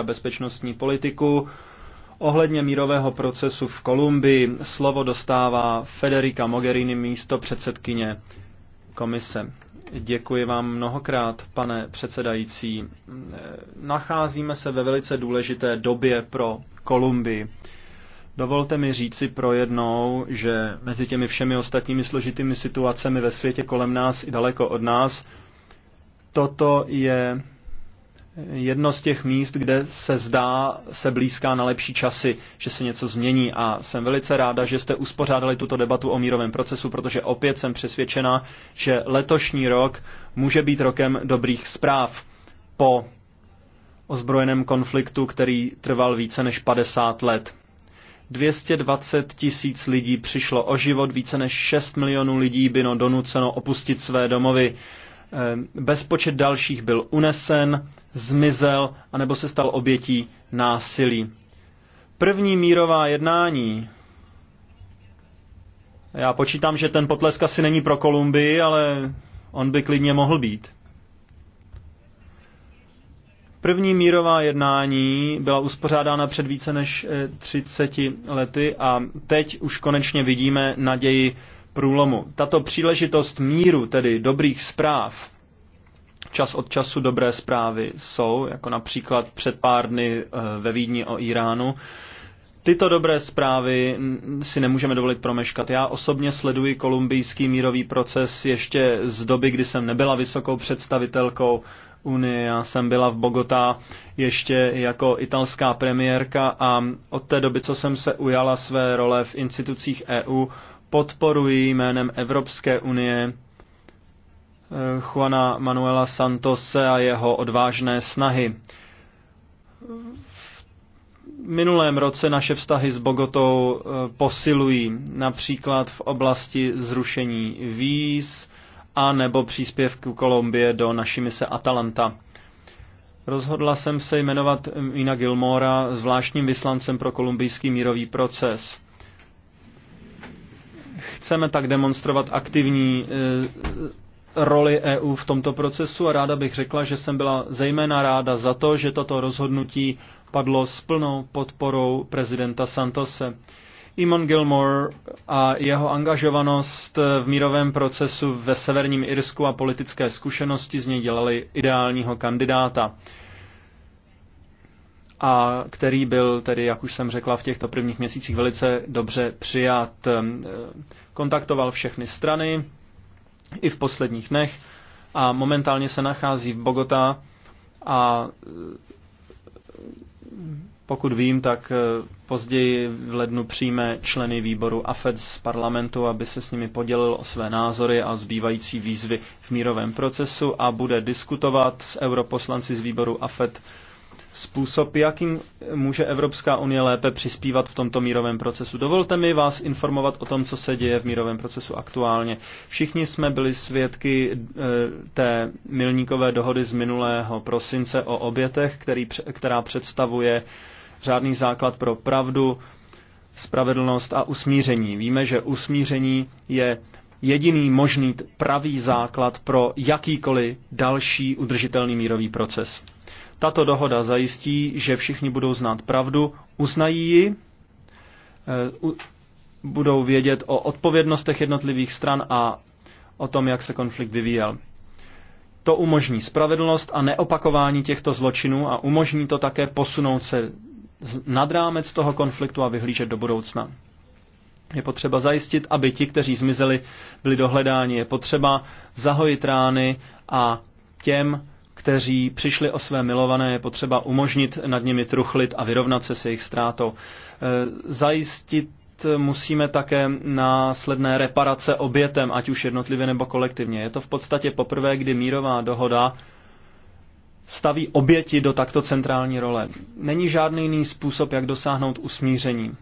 a bezpečnostní politiku. Ohledně mírového procesu v Kolumbii slovo dostává Federica Mogherini, místo předsedkyně komise. Děkuji vám mnohokrát, pane předsedající. Nacházíme se ve velice důležité době pro Kolumbii. Dovolte mi říci pro jednou, že mezi těmi všemi ostatními složitými situacemi ve světě kolem nás i daleko od nás, toto je jedno z těch míst, kde se zdá, se blízká na lepší časy, že se něco změní. A jsem velice ráda, že jste uspořádali tuto debatu o mírovém procesu, protože opět jsem přesvědčena, že letošní rok může být rokem dobrých zpráv. Po ozbrojeném konfliktu, který trval více než 50 let. 220 tisíc lidí přišlo o život, více než 6 milionů lidí bylo no donuceno opustit své domovy. Ehm, bezpočet dalších byl unesen, zmizel anebo se stal obětí násilí. První mírová jednání. Já počítám, že ten potlesk asi není pro Kolumbii, ale on by klidně mohl být. První mírová jednání byla uspořádána před více než 30 eh, lety a teď už konečně vidíme naději průlomu. Tato příležitost míru, tedy dobrých zpráv, čas od času dobré zprávy jsou, jako například před pár dny eh, ve Vídni o Iránu, Tyto dobré zprávy si nemůžeme dovolit promeškat. Já osobně sleduji kolumbijský mírový proces ještě z doby, kdy jsem nebyla vysokou představitelkou Unie. Já jsem byla v Bogotá ještě jako italská premiérka a od té doby, co jsem se ujala své role v institucích EU, podporuji jménem Evropské unie eh, Juana Manuela Santose a jeho odvážné snahy. V minulém roce naše vztahy s Bogotou eh, posilují, například v oblasti zrušení víz a nebo příspěvku Kolumbie do naší mise Atalanta. Rozhodla jsem se jmenovat Ina Gilmora zvláštním vyslancem pro kolumbijský mírový proces. Chceme tak demonstrovat aktivní eh, roli EU v tomto procesu a ráda bych řekla, že jsem byla zejména ráda za to, že toto rozhodnutí padlo s plnou podporou prezidenta Santose. Imon Gilmore a jeho angažovanost v mírovém procesu ve severním Irsku a politické zkušenosti z něj dělali ideálního kandidáta a který byl tedy, jak už jsem řekla, v těchto prvních měsících velice dobře přijat. Ehm, kontaktoval všechny strany i v posledních dnech a momentálně se nachází v Bogotá a ehm, pokud vím, tak ehm, později v lednu přijme členy výboru AFED z parlamentu, aby se s nimi podělil o své názory a zbývající výzvy v mírovém procesu a bude diskutovat s europoslanci z výboru AFED způsob, jakým může Evropská unie lépe přispívat v tomto mírovém procesu. Dovolte mi vás informovat o tom, co se děje v mírovém procesu aktuálně. Všichni jsme byli svědky e, té milníkové dohody z minulého prosince o obětech, který, která představuje řádný základ pro pravdu, spravedlnost a usmíření. Víme, že usmíření je jediný možný pravý základ pro jakýkoliv další udržitelný mírový proces. Tato dohoda zajistí, že všichni budou znát pravdu, uznají ji, eh, budou vědět o odpovědnostech jednotlivých stran a o tom, jak se konflikt vyvíjel. To umožní spravedlnost a neopakování těchto zločinů a umožní to také posunout se nad rámec toho konfliktu a vyhlížet do budoucna. Je potřeba zajistit, aby ti, kteří zmizeli, byli dohledáni. Je potřeba zahojit rány a těm, kteří přišli o své milované, je potřeba umožnit nad nimi truchlit a vyrovnat se s jejich ztrátou. E, zajistit musíme také následné reparace obětem, ať už jednotlivě nebo kolektivně. Je to v podstatě poprvé, kdy mírová dohoda staví oběti do takto centrální role. Není žádný jiný způsob, jak dosáhnout usmíření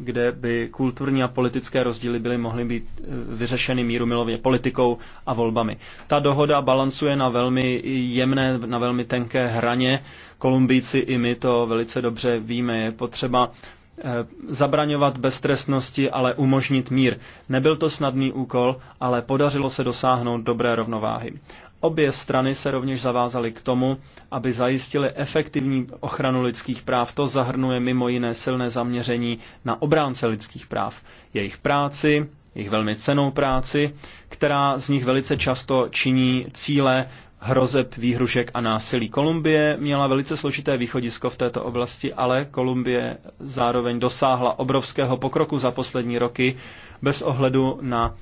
kde by kulturní a politické rozdíly byly mohly být eh, vyřešeny mírumilově politikou a volbami. Ta dohoda balancuje na velmi jemné, na velmi tenké hraně. Kolumbíci i my to velice dobře víme. Je potřeba eh, zabraňovat beztrestnosti, ale umožnit mír. Nebyl to snadný úkol, ale podařilo se dosáhnout dobré rovnováhy. Obě strany se rovněž zavázaly k tomu, aby zajistili efektivní ochranu lidských práv. To zahrnuje mimo jiné silné zaměření na obránce lidských práv, jejich práci, jejich velmi cenou práci, která z nich velice často činí cíle hrozeb, výhrušek a násilí. Kolumbie měla velice složité východisko v této oblasti, ale Kolumbie zároveň dosáhla obrovského pokroku za poslední roky bez ohledu na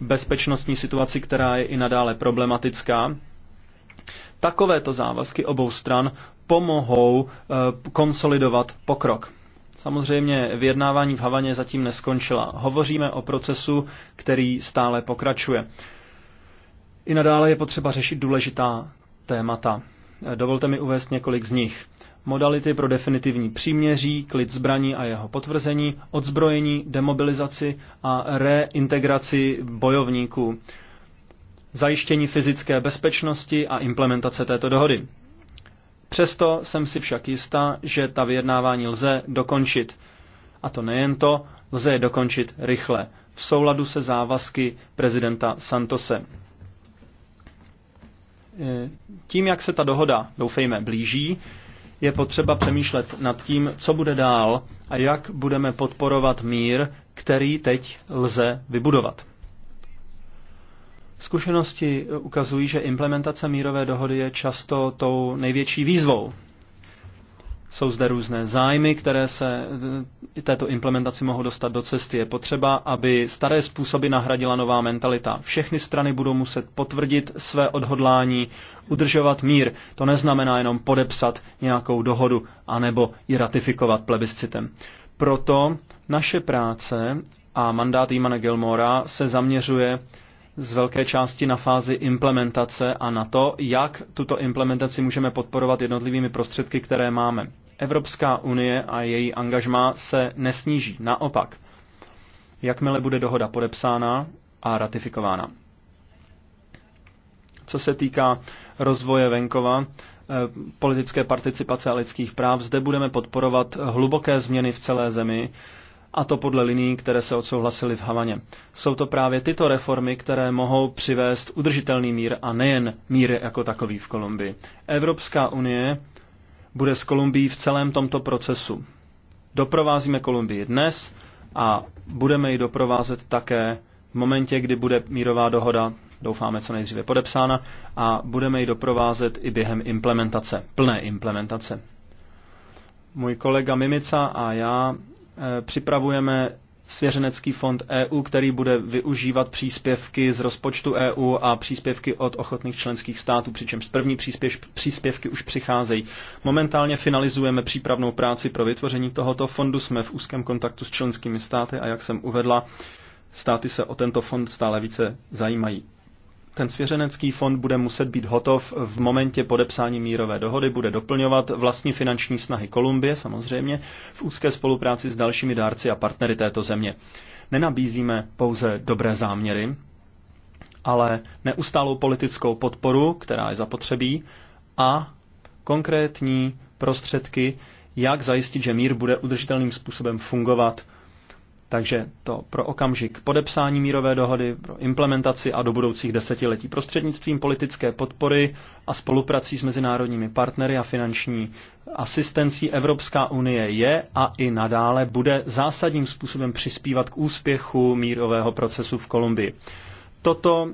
bezpečnostní situaci, která je i nadále problematická. Takovéto závazky obou stran pomohou eh, konsolidovat pokrok. Samozřejmě vyjednávání v Havaně zatím neskončila. Hovoříme o procesu, který stále pokračuje. I nadále je potřeba řešit důležitá témata. Dovolte mi uvést několik z nich modality pro definitivní příměří, klid zbraní a jeho potvrzení, odzbrojení, demobilizaci a reintegraci bojovníků, zajištění fyzické bezpečnosti a implementace této dohody. Přesto jsem si však jistá, že ta vyjednávání lze dokončit. A to nejen to, lze je dokončit rychle, v souladu se závazky prezidenta Santose. E, tím, jak se ta dohoda, doufejme, blíží, je potřeba přemýšlet nad tím, co bude dál a jak budeme podporovat mír, který teď lze vybudovat. Zkušenosti ukazují, že implementace mírové dohody je často tou největší výzvou, jsou zde různé zájmy, které se eh, této implementaci mohou dostat do cesty. Je potřeba, aby staré způsoby nahradila nová mentalita. Všechny strany budou muset potvrdit své odhodlání udržovat mír. To neznamená jenom podepsat nějakou dohodu anebo ji ratifikovat plebiscitem. Proto naše práce a mandát Imana Gilmora se zaměřuje z velké části na fázi implementace a na to, jak tuto implementaci můžeme podporovat jednotlivými prostředky, které máme. Evropská unie a její angažmá se nesníží, naopak. Jakmile bude dohoda podepsána a ratifikována. Co se týká rozvoje venkova, eh, politické participace a lidských práv, zde budeme podporovat hluboké změny v celé zemi, a to podle linií, které se odsouhlasily v Havaně. Jsou to právě tyto reformy, které mohou přivést udržitelný mír a nejen mír jako takový v Kolumbii. Evropská unie bude s Kolumbií v celém tomto procesu. Doprovázíme Kolumbii dnes a budeme ji doprovázet také v momentě, kdy bude mírová dohoda, doufáme, co nejdříve podepsána, a budeme ji doprovázet i během implementace, plné implementace. Můj kolega Mimica a já Eh, připravujeme svěřenecký fond EU, který bude využívat příspěvky z rozpočtu EU a příspěvky od ochotných členských států, přičemž první příspěv, příspěvky už přicházejí. Momentálně finalizujeme přípravnou práci pro vytvoření tohoto fondu, jsme v úzkém kontaktu s členskými státy a jak jsem uvedla, státy se o tento fond stále více zajímají. Ten svěřenecký fond bude muset být hotov v momentě podepsání mírové dohody, bude doplňovat vlastní finanční snahy Kolumbie samozřejmě v úzké spolupráci s dalšími dárci a partnery této země. Nenabízíme pouze dobré záměry, ale neustálou politickou podporu, která je zapotřebí, a konkrétní prostředky, jak zajistit, že mír bude udržitelným způsobem fungovat takže to pro okamžik podepsání mírové dohody, pro implementaci a do budoucích desetiletí prostřednictvím politické podpory a spoluprací s mezinárodními partnery a finanční asistencí Evropská unie je a i nadále bude zásadním způsobem přispívat k úspěchu mírového procesu v Kolumbii. Toto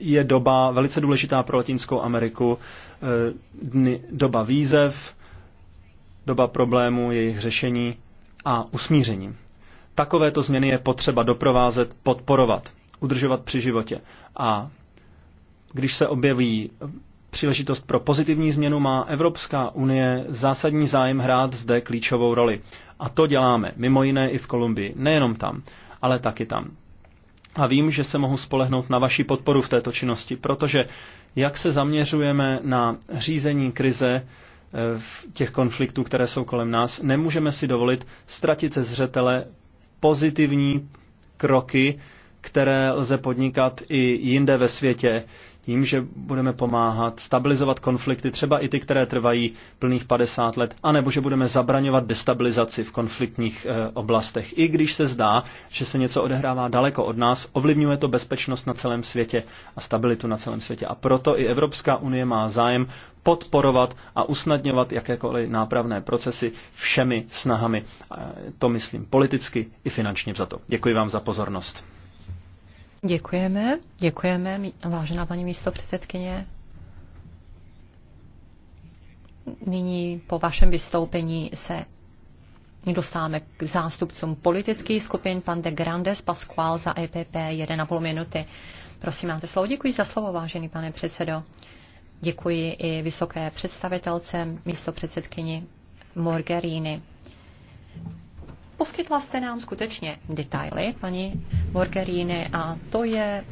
je doba velice důležitá pro Latinskou Ameriku, eh, dny, doba výzev, doba problémů, jejich řešení a usmířením. Takovéto změny je potřeba doprovázet, podporovat, udržovat při životě. A když se objeví příležitost pro pozitivní změnu, má Evropská unie zásadní zájem hrát zde klíčovou roli. A to děláme, mimo jiné i v Kolumbii, nejenom tam, ale taky tam. A vím, že se mohu spolehnout na vaši podporu v této činnosti, protože jak se zaměřujeme na řízení krize, v těch konfliktů, které jsou kolem nás, nemůžeme si dovolit ztratit ze zřetele pozitivní kroky, které lze podnikat i jinde ve světě tím, že budeme pomáhat stabilizovat konflikty, třeba i ty, které trvají plných 50 let, anebo že budeme zabraňovat destabilizaci v konfliktních e, oblastech. I když se zdá, že se něco odehrává daleko od nás, ovlivňuje to bezpečnost na celém světě a stabilitu na celém světě. A proto i Evropská unie má zájem podporovat a usnadňovat jakékoliv nápravné procesy všemi snahami. E, to myslím politicky i finančně za to. Děkuji vám za pozornost. Děkujeme, děkujeme, vážená paní místo předsedkyně. Nyní po vašem vystoupení se dostáváme k zástupcům politických skupin. Pan de Grandes Pasqual za EPP 1,5 minuty. Prosím, máte slovo. Děkuji za slovo, vážený pane předsedo. Děkuji i vysoké představitelce, místo předsedkyni Morgerini. Poskytla jste nám skutečně detaily, paní Morgeríny, a to je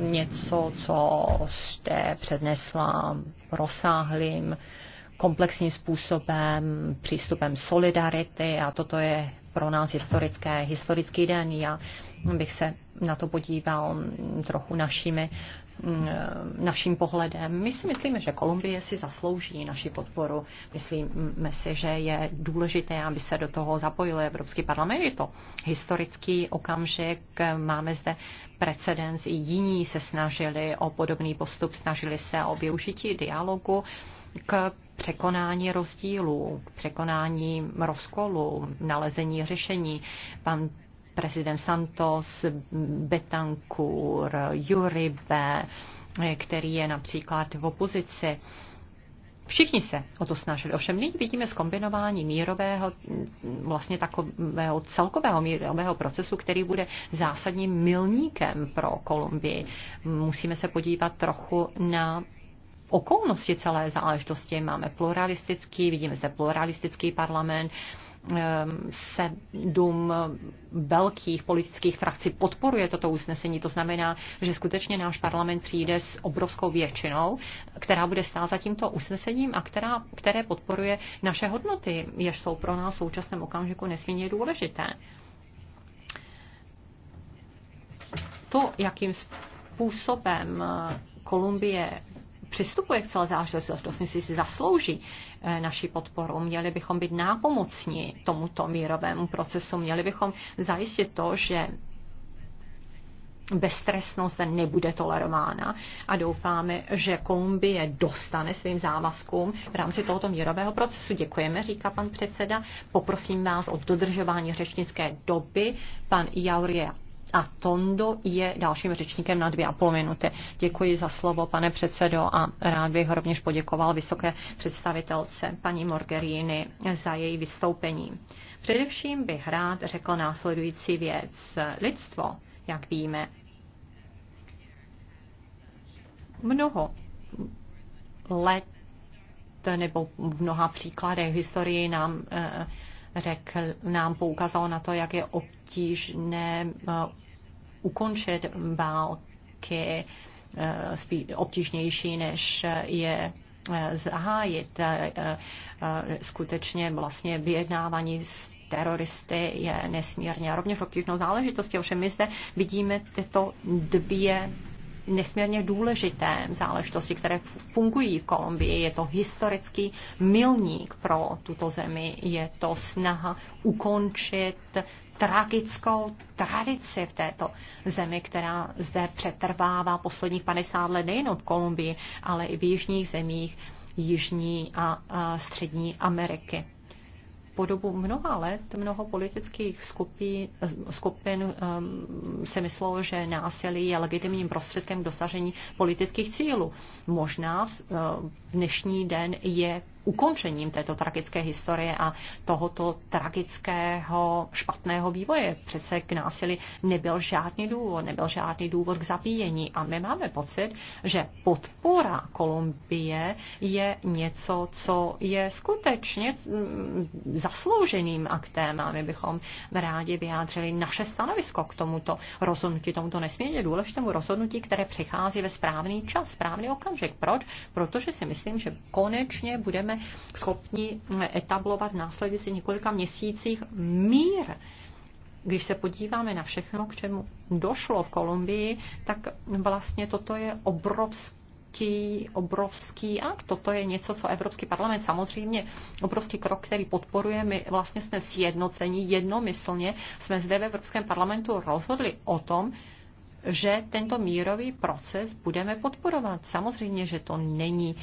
něco, co jste přednesla rozsáhlým, komplexním způsobem, přístupem solidarity a toto je pro nás historické, historický den. Já bych se na to podíval trochu našimi, mm, eh, naším pohledem. My si myslíme, že Kolumbie si zaslouží naši podporu. Myslíme si, že je důležité, aby se do toho zapojil Evropský parlament. Je to historický okamžik. Máme zde precedens. I jiní se snažili o podobný postup, snažili se o využití dialogu k překonání rozdílů, k překonání rozkolu, nalezení řešení. Pan prezident Santos, Betancourt, Juribe, který je například v opozici. Všichni se o to snažili. Ovšem nyní vidíme zkombinování mírového, vlastně takového celkového mírového procesu, který bude zásadním milníkem pro Kolumbii. Musíme se podívat trochu na okolnosti celé záležitosti. Máme pluralistický, vidíme zde pluralistický parlament, sedm velkých politických frakcí podporuje toto usnesení. To znamená, že skutečně náš parlament přijde s obrovskou většinou, která bude stát za tímto usnesením a která, které podporuje naše hodnoty, jež jsou pro nás v současném okamžiku nesmírně důležité. To, jakým způsobem Kolumbie přistupuje k celé záležitosti, si, si zaslouží eh, naši podporu. Měli bychom být nápomocní tomuto mírovému procesu. Měli bychom zajistit to, že beztrestnost nebude tolerována a doufáme, že Kolumbie dostane svým závazkům v rámci tohoto mírového procesu. Děkujeme, říká pan předseda. Poprosím vás o dodržování řečnické doby. Pan Jaurie a Tondo je dalším řečníkem na dvě a půl minuty. Děkuji za slovo, pane předsedo, a rád bych rovněž poděkoval vysoké představitelce paní Morgerini za její vystoupení. Především bych rád řekl následující věc. Lidstvo, jak víme, mnoho let nebo v mnoha příkladech v historii nám eh, řekl, nám poukázal na to, jak je obtížné eh, ukončit války eh, obtížnější, než je eh, zahájit. Skutečně vlastně vyjednávání s teroristy je nesmírně a rovněž obtížnou záležitostí. Ovšem my zde vidíme tyto dvě nesmírně důležité záležitosti, které fungují v Kolumbii. Je to historický milník pro tuto zemi. Je to snaha ukončit tragickou tradici v této zemi, která zde přetrvává posledních 50 let nejenom v Kolumbii, ale i v jižních zemích Jižní a, a Střední Ameriky po dobu mnoha let mnoho politických skupin, skupin um, si myslelo, že násilí je legitimním prostředkem k dosažení politických cílů. Možná v, uh, v dnešní den je ukončením této tragické historie a tohoto tragického špatného vývoje. Přece k násilí nebyl žádný důvod, nebyl žádný důvod k zabíjení a my máme pocit, že podpora Kolumbie je něco, co je skutečně mm, zaslouženým aktem a my bychom rádi vyjádřili naše stanovisko k tomuto rozhodnutí, tomuto nesmírně důležitému rozhodnutí, které přichází ve správný čas, správný okamžik. Proč? Protože si myslím, že konečně budeme budeme schopni etablovat v následujících několika měsících mír. Když se podíváme na všechno, k čemu došlo v Kolumbii, tak vlastně toto je obrovský obrovský, a akt. Toto je něco, co Evropský parlament samozřejmě obrovský krok, který podporuje. My vlastně jsme sjednocení jednomyslně. Jsme zde v Evropském parlamentu rozhodli o tom, že tento mírový proces budeme podporovat. Samozřejmě, že to není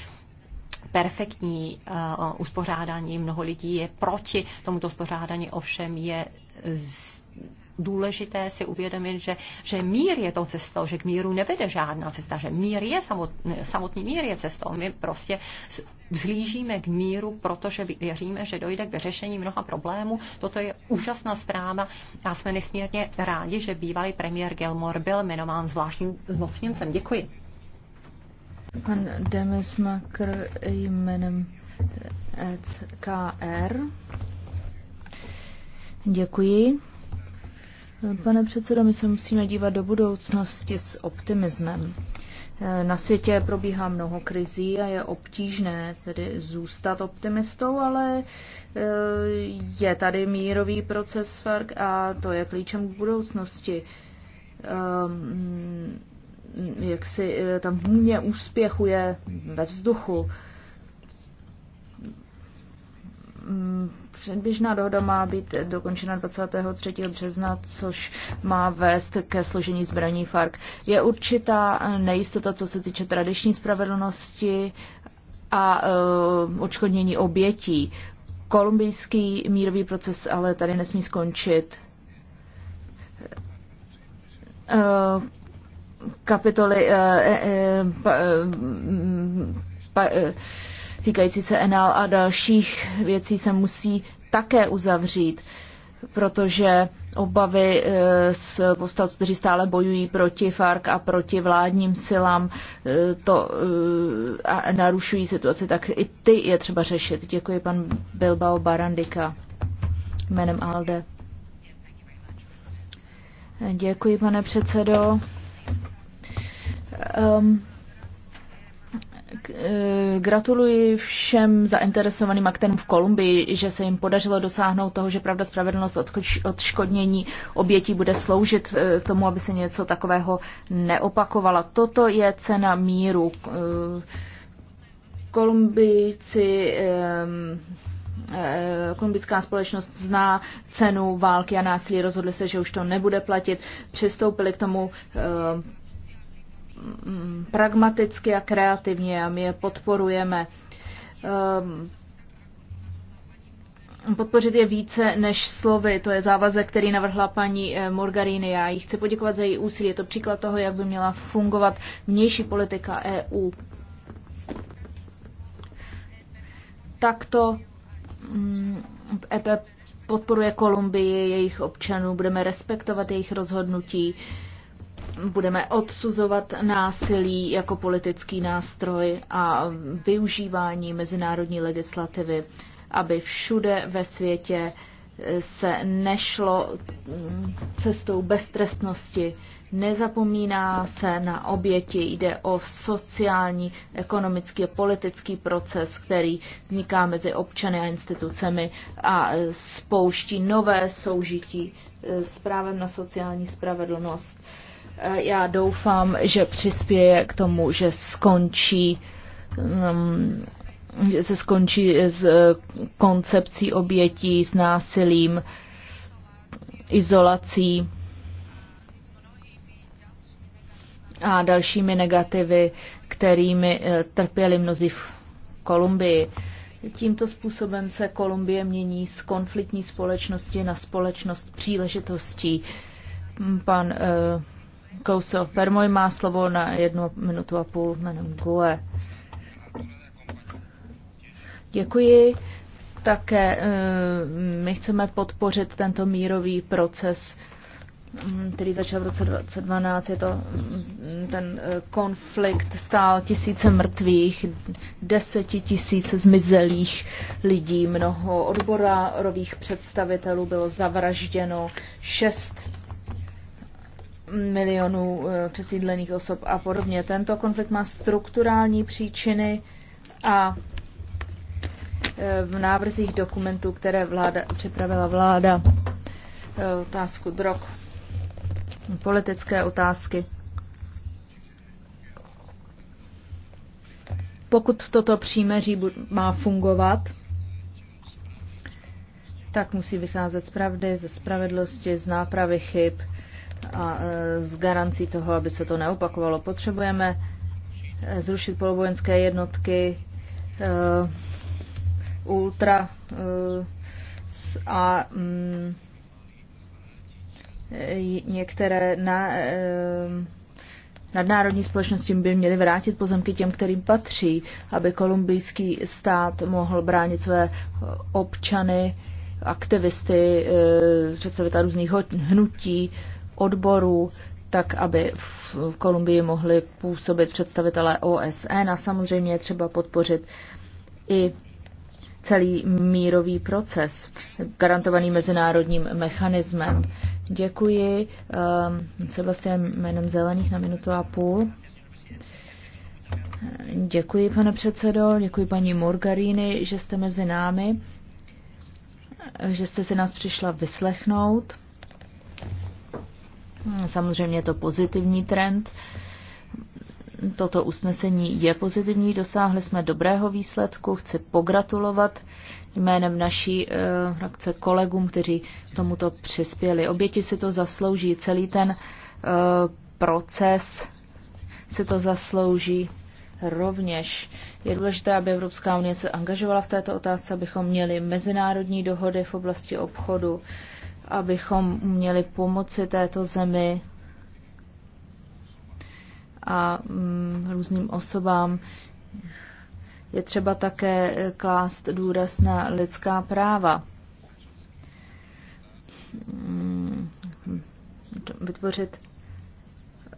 perfektní uh, uspořádání. Mnoho lidí je proti tomuto uspořádání, ovšem je z, důležité si uvědomit, že, že mír je tou cestou, že k míru nevede žádná cesta, že mír je samot, samotný mír je cestou. My prostě vzhlížíme k míru, protože věříme, že dojde k vyřešení mnoha problémů. Toto je úžasná zpráva a jsme nesmírně rádi, že bývalý premiér Gilmore byl jmenován zvláštním zmocněncem. Děkuji. Pan Demis Makr jménem ECKR. Děkuji. Pane předsedo, my se musíme dívat do budoucnosti s optimismem. Na světě probíhá mnoho krizí a je obtížné tedy zůstat optimistou, ale e, je tady mírový proces a to je klíčem k budoucnosti ehm, jak si eh, tam hůně úspěchu je ve vzduchu. Mm, předběžná dohoda má být dokončena 23. března, což má vést ke složení zbraní FARC. Je určitá nejistota, co se týče tradiční spravedlnosti a uh, odškodnění obětí. Kolumbijský mírový proces ale tady nesmí skončit. Eh, kapitoly eh, eh, eh, mm, týkající se Enál a dalších věcí se musí také uzavřít, protože obavy z povstalců, kteří stále bojují proti FARC a proti vládním silám to, a narušují situaci, tak i ty je třeba řešit. Děkuji pan Bilbao Barandika jménem ALDE. Děkuji, pane předsedo. Um, eh, Gratuluji všem zainteresovaným aktérům v Kolumbii, že se jim podařilo dosáhnout toho, že pravda spravedlnost odškodnění obětí bude sloužit eh, tomu, aby se něco takového neopakovala. Toto je cena míru. Eh, Kolumbijci, kolumbijská společnost zná cenu války a násilí, rozhodli se, že už to nebude platit, přistoupili k tomu Mm, pragmaticky a kreativně a my je podporujeme. Ehm, podpořit je více než slovy, to je závazek, který navrhla paní eh, Morgarini. Já jí chci poděkovat za její úsilí. Je to příklad toho, jak by měla fungovat vnější politika EU. Takto mm, EP podporuje Kolumbii, jejich občanů, budeme respektovat jejich rozhodnutí. Uh, budeme odsuzovat násilí jako politický nástroj a využívání mezinárodní legislativy, aby všude ve světě se nešlo mm, cestou beztrestnosti. Nezapomíná se na oběti, jde o sociální, ekonomický a politický proces, který vzniká mezi občany a institucemi a spouští nové soužití eh, s právem na sociální spravedlnost Eh, já doufám, že přispěje k tomu, že skončí mm, že se skončí s eh, koncepcí obětí, s násilím, izolací a dalšími negativy, kterými eh, trpěli mnozí v Kolumbii. Tímto způsobem se Kolumbie mění z konfliktní společnosti na společnost příležitostí. Pan Kouso Fermoj má slovo na jednu minutu a půl jménem Gue. Děkuji. Také eh, my chceme podpořit tento mírový proces, hm, který začal v roce 2012. Je to hm, ten eh, konflikt stál tisíce mrtvých, deseti tisíce zmizelých lidí, mnoho odborových představitelů bylo zavražděno, šest milionů eh, přesídlených osob a podobně. Tento konflikt má strukturální příčiny a eh, v návrzích dokumentů, které vláda, připravila vláda, eh, otázku drog, politické otázky. Pokud toto příjmeří má fungovat, tak musí vycházet z pravdy, ze spravedlnosti, z nápravy chyb, a s e, garancí toho, aby se to neopakovalo. Potřebujeme e, zrušit polovojenské jednotky e, ultra a mm, některé na, nadnárodní společnosti by měly vrátit pozemky těm, kterým patří, aby kolumbijský stát mohl bránit své občany, aktivisty, představitelů různých hnutí, odborů, tak aby v Kolumbii mohli působit představitelé OSN a samozřejmě je třeba podpořit i celý mírový proces garantovaný mezinárodním mechanismem. Děkuji um, Sebastian jménem Zelených na minutu a půl. Děkuji, pane předsedo, děkuji paní Morgaríny, že jste mezi námi, že jste si nás přišla vyslechnout. Samozřejmě je to pozitivní trend. Toto usnesení je pozitivní, dosáhli jsme dobrého výsledku. Chci pogratulovat jménem naší eh, frakce kolegům, kteří k tomuto přispěli. Oběti si to zaslouží, celý ten eh, proces si to zaslouží rovněž. Je důležité, aby Evropská unie se angažovala v této otázce, abychom měli mezinárodní dohody v oblasti obchodu, abychom měli pomoci této zemi a mm, různým osobám. Je třeba také klást důraz na lidská práva. Mm, vytvořit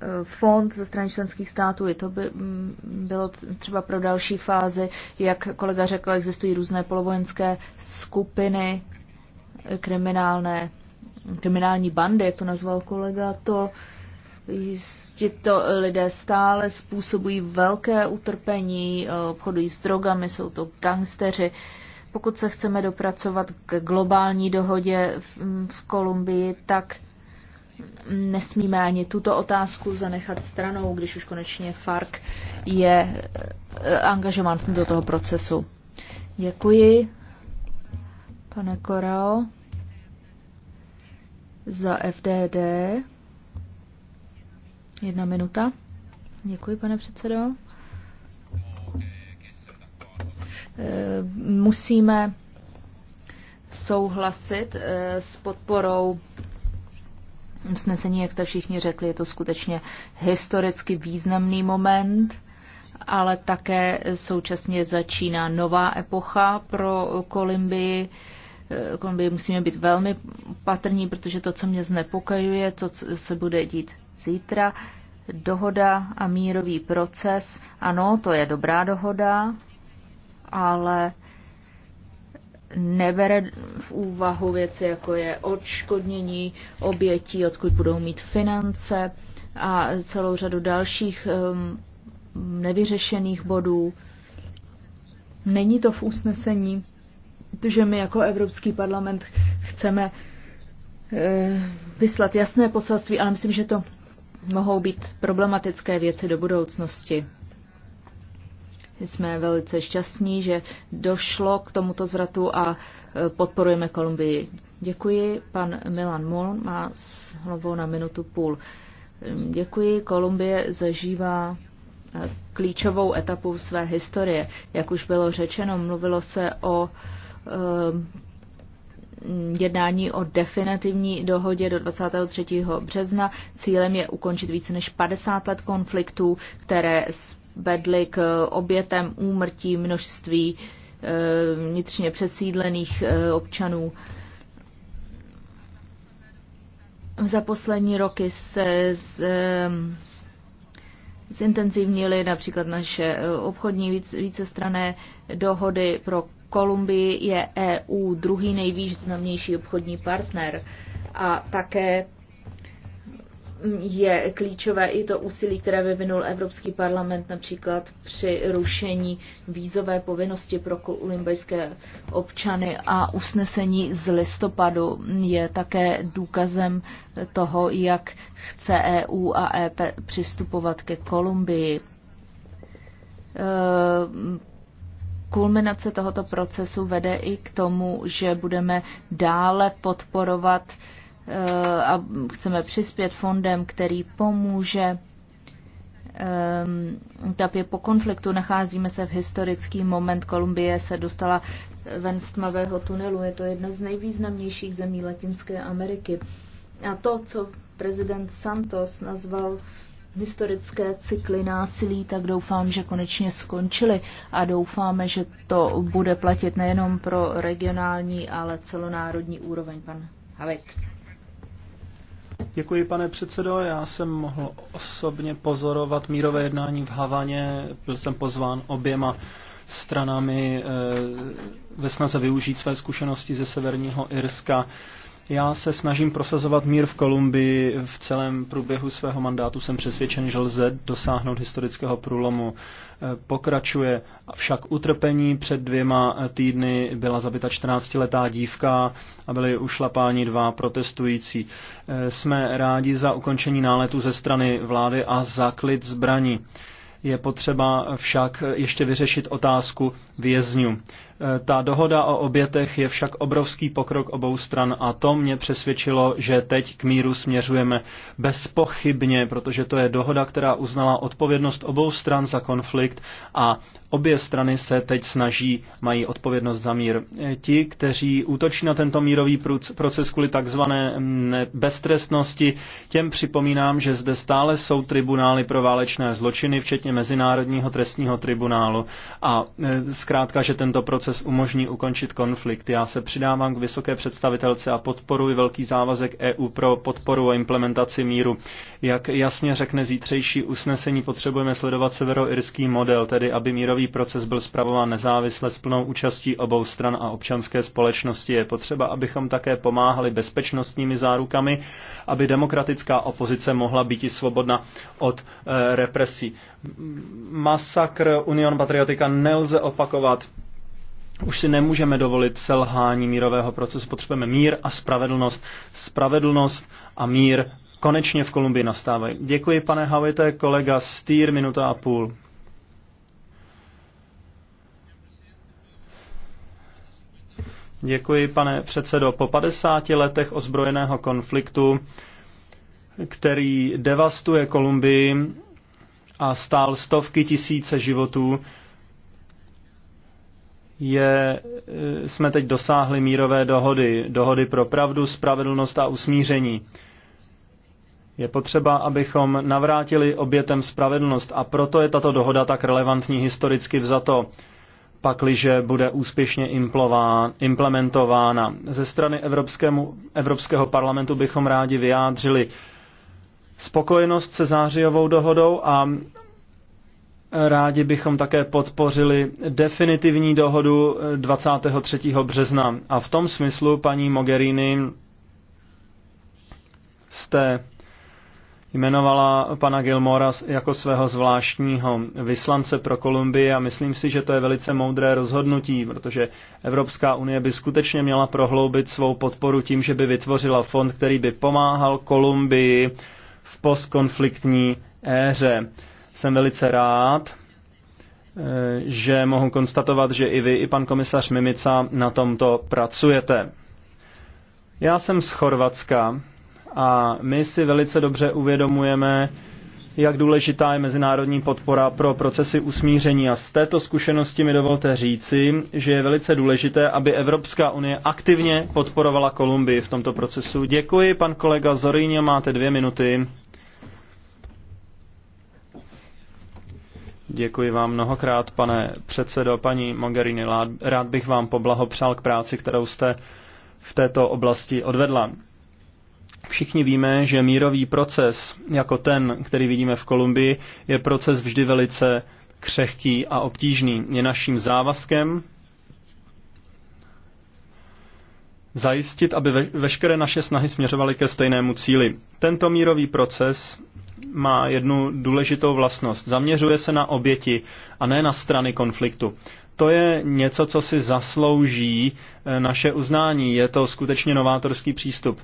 eh, fond ze strany členských států, i to by mm, bylo třeba pro další fázi. Jak kolega řekl, existují různé polovojenské skupiny eh, kriminálné, kriminální bandy, jak to nazval kolega, to tito lidé stále způsobují velké utrpení, eh, obchodují s drogami, jsou to gangsteři. Pokud se chceme dopracovat k globální dohodě v, v Kolumbii, tak nesmíme ani tuto otázku zanechat stranou, když už konečně FARC je eh, angažován do toho procesu. Děkuji, pane Korao za FDD. Jedna minuta. Děkuji, pane předsedo. Eh, musíme souhlasit eh, s podporou usnesení, jak jste všichni řekli, je to skutečně historicky významný moment, ale také současně začíná nová epocha pro Kolumbii Kolumbii musíme být velmi patrní, protože to, co mě znepokojuje, to, co se bude dít zítra, dohoda a mírový proces, ano, to je dobrá dohoda, ale nebere v úvahu věci, jako je odškodnění obětí, odkud budou mít finance a celou řadu dalších um, nevyřešených bodů. Není to v usnesení že my jako Evropský parlament chceme eh, vyslat jasné poselství, ale myslím, že to mohou být problematické věci do budoucnosti. Jsme velice šťastní, že došlo k tomuto zvratu a eh, podporujeme Kolumbii. Děkuji. Pan Milan Mol má slovo na minutu půl. Hm, děkuji. Kolumbie zažívá eh, klíčovou etapu své historie. Jak už bylo řečeno, mluvilo se o Eh, jednání o definitivní dohodě do 23. března. Cílem je ukončit více než 50 let konfliktů, které vedly k obětem úmrtí množství eh, vnitřně přesídlených eh, občanů. Za poslední roky se z, zintenzivnili například naše obchodní vícestrané dohody pro Kolumbii je EU druhý známější obchodní partner a také je klíčové i to úsilí, které vyvinul Evropský parlament například při rušení vízové povinnosti pro kolumbijské občany a usnesení z listopadu je také důkazem toho, jak chce EU a EP přistupovat ke Kolumbii kulminace tohoto procesu vede i k tomu, že budeme dále podporovat eh, a chceme přispět fondem, který pomůže eh, tapě po konfliktu. Nacházíme se v historický moment. Kolumbie se dostala ven z tmavého tunelu. Je to jedna z nejvýznamnějších zemí Latinské Ameriky. A to, co prezident Santos nazval historické cykly násilí, tak doufám, že konečně skončily a doufáme, že to bude platit nejenom pro regionální, ale celonárodní úroveň. Pan Havit. Děkuji, pane předsedo. Já jsem mohl osobně pozorovat mírové jednání v Havaně. Byl jsem pozván oběma stranami eh, ve snaze využít své zkušenosti ze severního Irska já se snažím prosazovat mír v Kolumbii. V celém průběhu svého mandátu jsem přesvědčen, že lze dosáhnout historického průlomu. E, pokračuje však utrpení. Před dvěma e, týdny byla zabita 14-letá dívka a byly ušlapáni dva protestující. E, jsme rádi za ukončení náletu ze strany vlády a za klid zbraní. Je potřeba však ještě vyřešit otázku vězňů. Ta dohoda o obětech je však obrovský pokrok obou stran a to mě přesvědčilo, že teď k míru směřujeme bezpochybně, protože to je dohoda, která uznala odpovědnost obou stran za konflikt a obě strany se teď snaží, mají odpovědnost za mír. Ti, kteří útočí na tento mírový proces kvůli takzvané beztrestnosti, těm připomínám, že zde stále jsou tribunály pro válečné zločiny, včetně Mezinárodního trestního tribunálu a e, zkrátka, že tento proces proces umožní ukončit konflikt. Já se přidávám k vysoké představitelce a podporuji velký závazek EU pro podporu a implementaci míru. Jak jasně řekne zítřejší usnesení, potřebujeme sledovat severoirský model, tedy aby mírový proces byl zpravován nezávisle s plnou účastí obou stran a občanské společnosti. Je potřeba, abychom také pomáhali bezpečnostními zárukami, aby demokratická opozice mohla být i svobodna od eh, represí. Masakr Union Patriotika nelze opakovat. Už si nemůžeme dovolit selhání mírového procesu. Potřebujeme mír a spravedlnost. Spravedlnost a mír konečně v Kolumbii nastávají. Děkuji, pane Havite, kolega Stýr, minuta a půl. Děkuji, pane předsedo. Po 50 letech ozbrojeného konfliktu, který devastuje Kolumbii a stál stovky tisíce životů, je, e, jsme teď dosáhli mírové dohody, dohody pro pravdu, spravedlnost a usmíření. Je potřeba, abychom navrátili obětem spravedlnost a proto je tato dohoda tak relevantní historicky vzato, pakliže bude úspěšně implementována. Ze strany Evropskému, Evropského parlamentu bychom rádi vyjádřili spokojenost se zářijovou dohodou a Rádi bychom také podpořili definitivní dohodu 23. Eh, března. A v tom smyslu, paní Mogherini, jste jmenovala pana Gilmora jako svého zvláštního vyslance pro Kolumbii a myslím si, že to je velice moudré rozhodnutí, protože Evropská unie by skutečně měla prohloubit svou podporu tím, že by vytvořila fond, který by pomáhal Kolumbii v postkonfliktní éře. Jsem velice rád, eh, že mohu konstatovat, že i vy, i pan komisař Mimica na tomto pracujete. Já jsem z Chorvatska a my si velice dobře uvědomujeme, jak důležitá je mezinárodní podpora pro procesy usmíření. A z této zkušenosti mi dovolte říci, že je velice důležité, aby Evropská unie aktivně podporovala Kolumbii v tomto procesu. Děkuji, pan kolega Zorině, máte dvě minuty. Děkuji vám mnohokrát, pane předsedo, paní Mogherini. Rád bych vám poblahopřál k práci, kterou jste v této oblasti odvedla. Všichni víme, že mírový proces, jako ten, který vidíme v Kolumbii, je proces vždy velice křehký a obtížný. Je naším závazkem zajistit, aby veškeré naše snahy směřovaly ke stejnému cíli. Tento mírový proces má jednu důležitou vlastnost. Zaměřuje se na oběti a ne na strany konfliktu. To je něco, co si zaslouží eh, naše uznání. Je to skutečně novátorský přístup.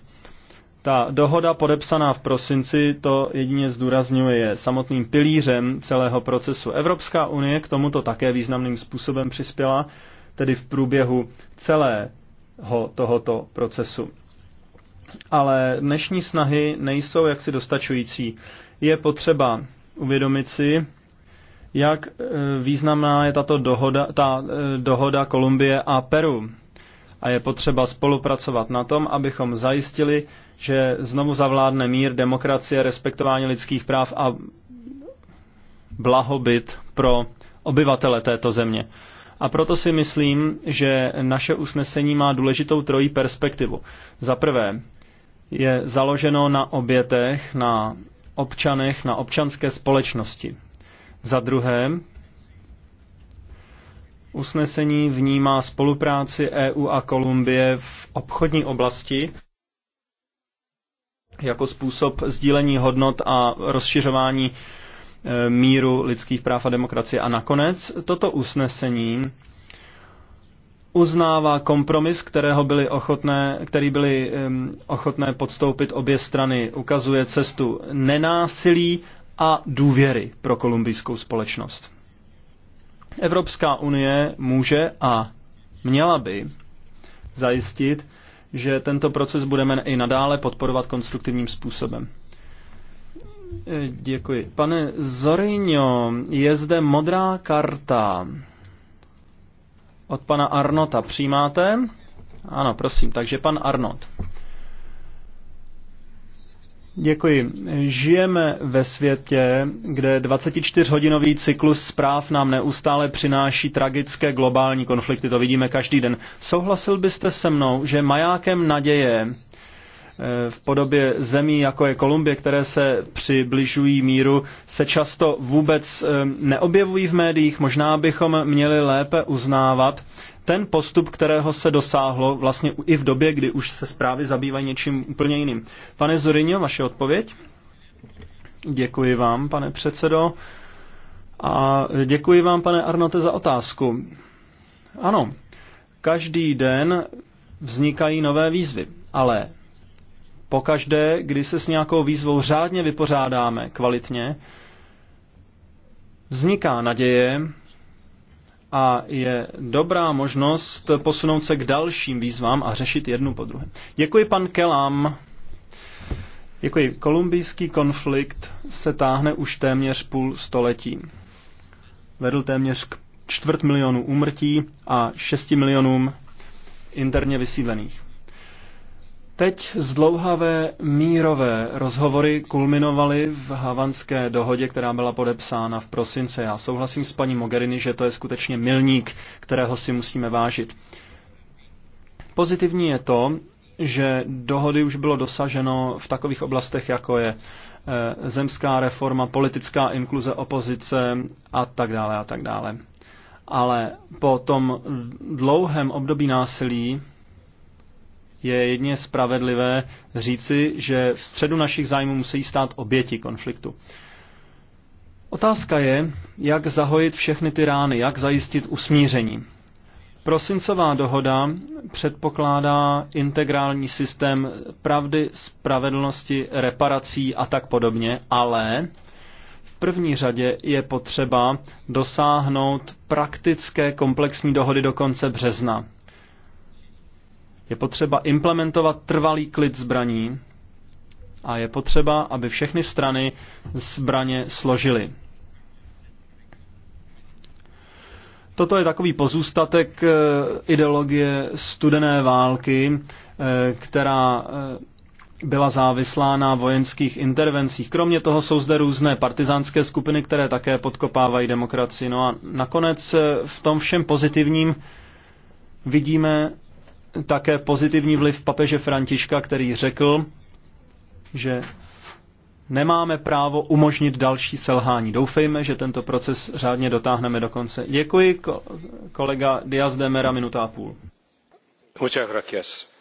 Ta dohoda podepsaná v prosinci to jedině zdůrazňuje je samotným pilířem celého procesu. Evropská unie k tomuto také významným způsobem přispěla, tedy v průběhu celého tohoto procesu. Ale dnešní snahy nejsou jaksi dostačující. Je potřeba uvědomit si, jak e, významná je tato dohoda, ta e, dohoda Kolumbie a Peru. A je potřeba spolupracovat na tom, abychom zajistili, že znovu zavládne mír, demokracie, respektování lidských práv a blahobyt pro obyvatele této země. A proto si myslím, že naše usnesení má důležitou trojí perspektivu. Za prvé, je založeno na obětech, na občanech, na občanské společnosti. Za druhé, usnesení vnímá spolupráci EU a Kolumbie v obchodní oblasti jako způsob sdílení hodnot a rozšiřování e, míru lidských práv a demokracie. A nakonec toto usnesení uznává kompromis, kterého byly ochotné, který byly um, ochotné podstoupit obě strany. Ukazuje cestu nenásilí a důvěry pro kolumbijskou společnost. Evropská unie může a měla by zajistit, že tento proces budeme i nadále podporovat konstruktivním způsobem. Děkuji. Pane Zoriňo, je zde modrá karta od pana Arnota přijímáte? Ano, prosím, takže pan Arnot. Děkuji. Žijeme ve světě, kde 24-hodinový cyklus zpráv nám neustále přináší tragické globální konflikty, to vidíme každý den. Souhlasil byste se mnou, že majákem naděje Eh, v podobě zemí, jako je Kolumbie, které se přibližují míru, se často vůbec eh, neobjevují v médiích. Možná bychom měli lépe uznávat ten postup, kterého se dosáhlo vlastně i v době, kdy už se zprávy zabývají něčím úplně jiným. Pane Zorinio, vaše odpověď? Děkuji vám, pane předsedo. A děkuji vám, pane Arnote, za otázku. Ano, každý den vznikají nové výzvy, ale pokaždé, kdy se s nějakou výzvou řádně vypořádáme kvalitně, vzniká naděje a je dobrá možnost posunout se k dalším výzvám a řešit jednu po druhé. Děkuji pan Kelam. Děkuji. Kolumbijský konflikt se táhne už téměř půl století. Vedl téměř k čtvrt milionu úmrtí a šesti milionům interně vysídlených. Teď zdlouhavé mírové rozhovory kulminovaly v havanské dohodě, která byla podepsána v prosince. Já souhlasím s paní Mogherini, že to je skutečně milník, kterého si musíme vážit. Pozitivní je to, že dohody už bylo dosaženo v takových oblastech, jako je eh, zemská reforma, politická inkluze opozice a tak dále a tak dále. Ale po tom dlouhém období násilí je jedně spravedlivé říci, že v středu našich zájmů musí stát oběti konfliktu. Otázka je, jak zahojit všechny ty rány, jak zajistit usmíření. Prosincová dohoda předpokládá integrální systém pravdy, spravedlnosti, reparací a tak podobně, ale v první řadě je potřeba dosáhnout praktické komplexní dohody do konce března. Je potřeba implementovat trvalý klid zbraní a je potřeba, aby všechny strany zbraně složily. Toto je takový pozůstatek eh, ideologie studené války, eh, která eh, byla závislá na vojenských intervencích. Kromě toho jsou zde různé partizánské skupiny, které také podkopávají demokracii. No a nakonec v tom všem pozitivním vidíme také pozitivní vliv papeže Františka, který řekl, že nemáme právo umožnit další selhání. Doufejme, že tento proces řádně dotáhneme do konce. Děkuji, kolega Diaz de Mera, minuta a půl. Muchas gracias.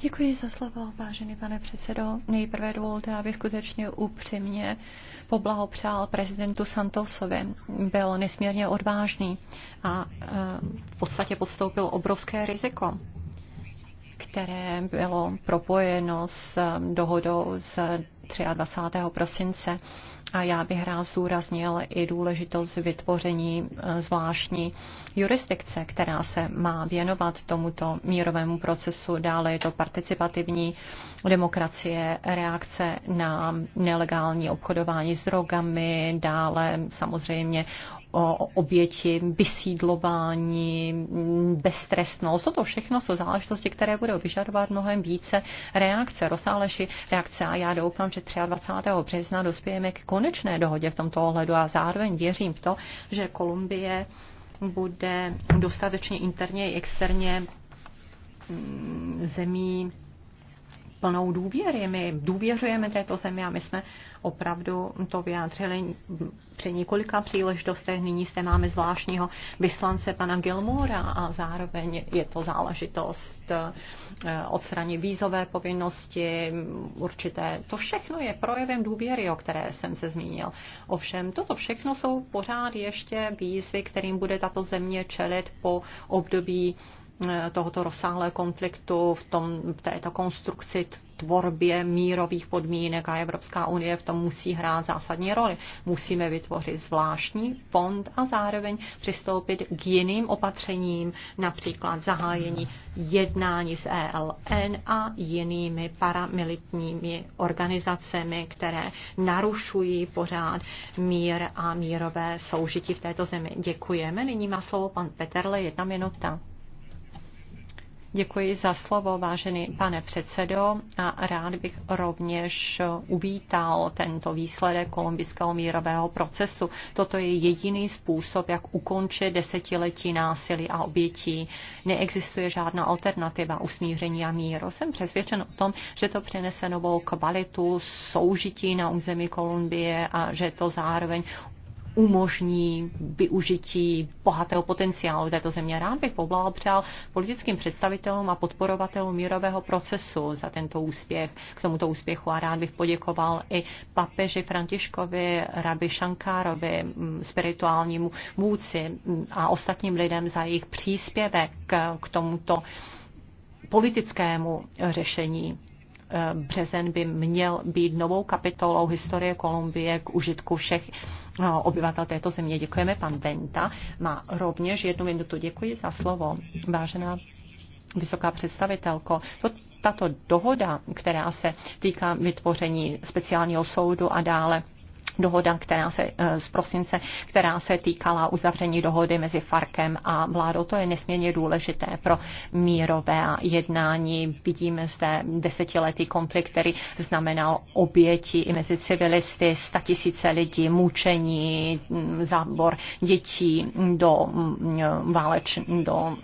Děkuji za slovo, vážený pane předsedo. Nejprve dovolte, abych skutečně upřímně poblahopřál prezidentu Santosovi. Byl nesmírně odvážný a e, v podstatě podstoupil obrovské riziko které bylo propojeno s e, dohodou s 23. prosince. A já bych rád zdůraznil i důležitost vytvoření eh, zvláštní jurisdikce, která se má věnovat tomuto mírovému procesu. Dále je to participativní demokracie, reakce na nelegální obchodování s drogami, dále samozřejmě o oběti, vysídlování, beztrestnost. Toto všechno jsou záležitosti, které budou vyžadovat mnohem více reakce, rozsálejší reakce a já doufám, že 23. března dospějeme k konečné dohodě v tomto ohledu a zároveň věřím v to, že Kolumbie bude dostatečně interně i externě mm, zemí plnou důvěry. My důvěřujeme této zemi a my jsme opravdu to vyjádřili při několika příležitostech. Nyní zde máme zvláštního vyslance pana Gilmora a zároveň je to záležitost eh, odstranit vízové povinnosti, určité. To všechno je projevem důvěry, o které jsem se zmínil. Ovšem, toto všechno jsou pořád ještě výzvy, kterým bude tato země čelit po období tohoto rozsáhlého konfliktu, v, tom, v této konstrukci, tvorbě mírových podmínek a Evropská unie v tom musí hrát zásadní roli. Musíme vytvořit zvláštní fond a zároveň přistoupit k jiným opatřením, například zahájení jednání s ELN a jinými paramilitními organizacemi, které narušují pořád mír a mírové soužití v této zemi. Děkujeme. Nyní má slovo pan Peterle, jedna minuta. Děkuji za slovo, vážený pane předsedo, a rád bych rovněž uvítal tento výsledek kolumbijského mírového procesu. Toto je jediný způsob, jak ukončit desetiletí násilí a obětí. Neexistuje žádná alternativa usmíření a míru. Jsem přesvědčen o tom, že to přinese novou kvalitu soužití na území Kolumbie a že to zároveň umožní využití bohatého potenciálu této země. Rád bych poblahopřál politickým představitelům a podporovatelům mírového procesu za tento úspěch, k tomuto úspěchu a rád bych poděkoval i papeži Františkovi, rabi Šankárovi, mm, spirituálnímu vůdci mm, a ostatním lidem za jejich příspěvek k tomuto politickému řešení březen by měl být novou kapitolou historie Kolumbie k užitku všech eh, obyvatel této země. Děkujeme. Pan Venta má rovněž jednu minutu. Děkuji za slovo. Vážená vysoká představitelko. Tato dohoda, která se týká vytvoření speciálního soudu a dále dohoda, která se eh, z prosince, která se týkala uzavření dohody mezi Farkem a vládou. To je nesmírně důležité pro mírové jednání. Vidíme zde desetiletý konflikt, který znamenal oběti i mezi civilisty, statisíce lidí, mučení, mm, zábor dětí do mm, váleč, do uh,